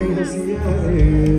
Yeah.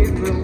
it will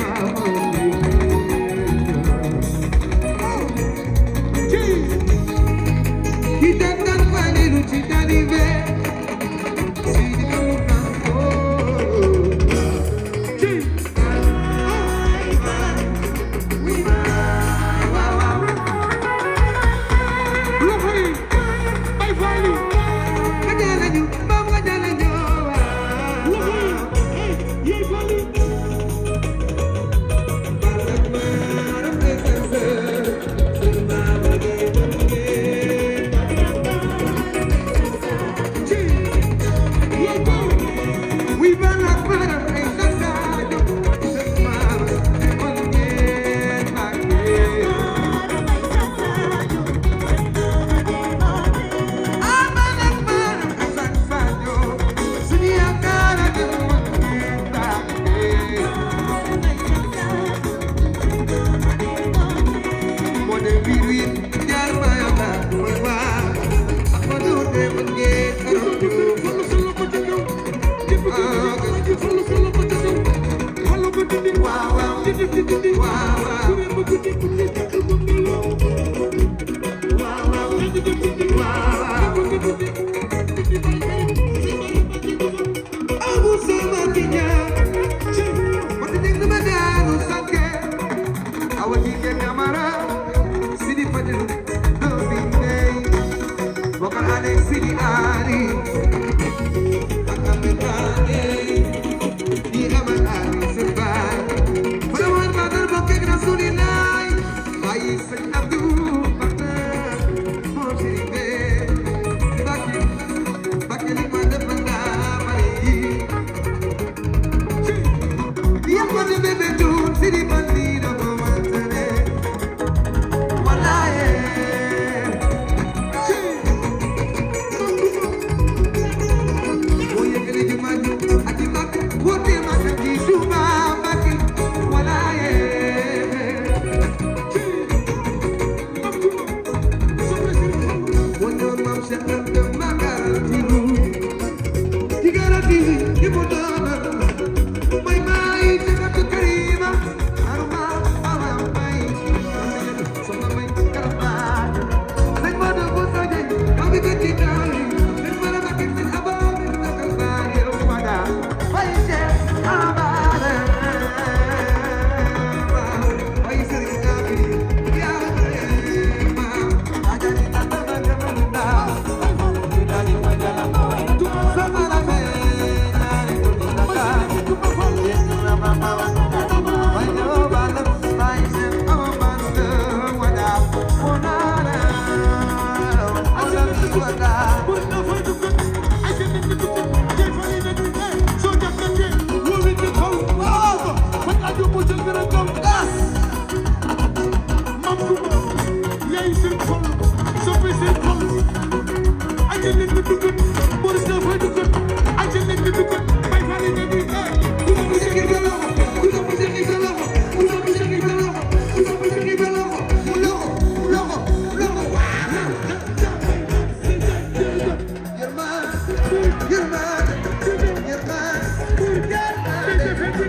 waaw waaw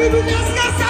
Bibi Miaskarska!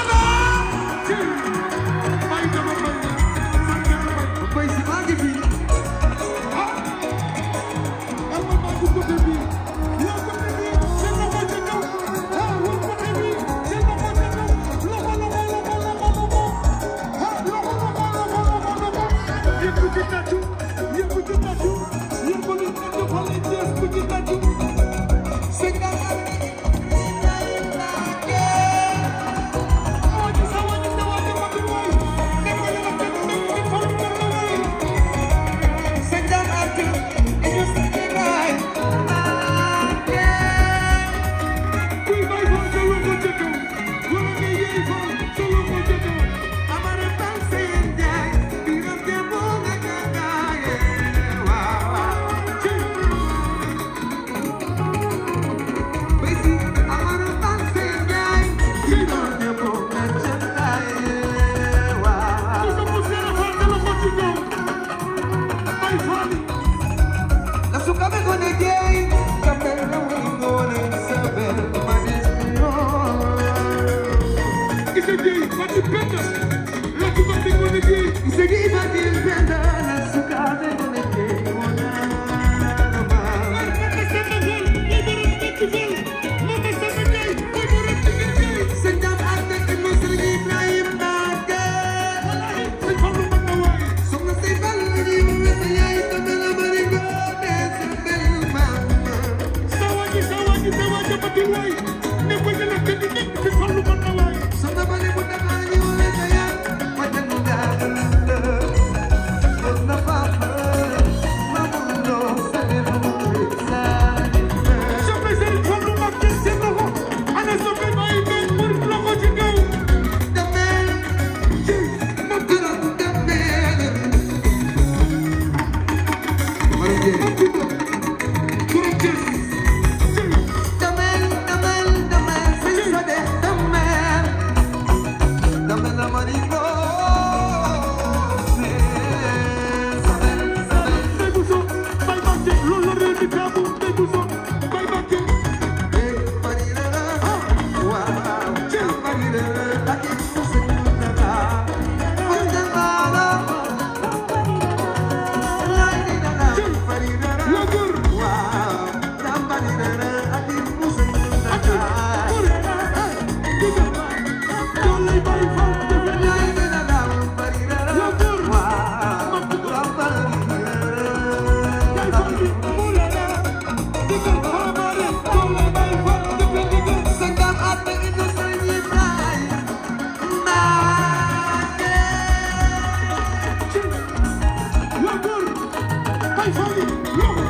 再传递。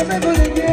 yo me voy de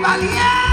Valien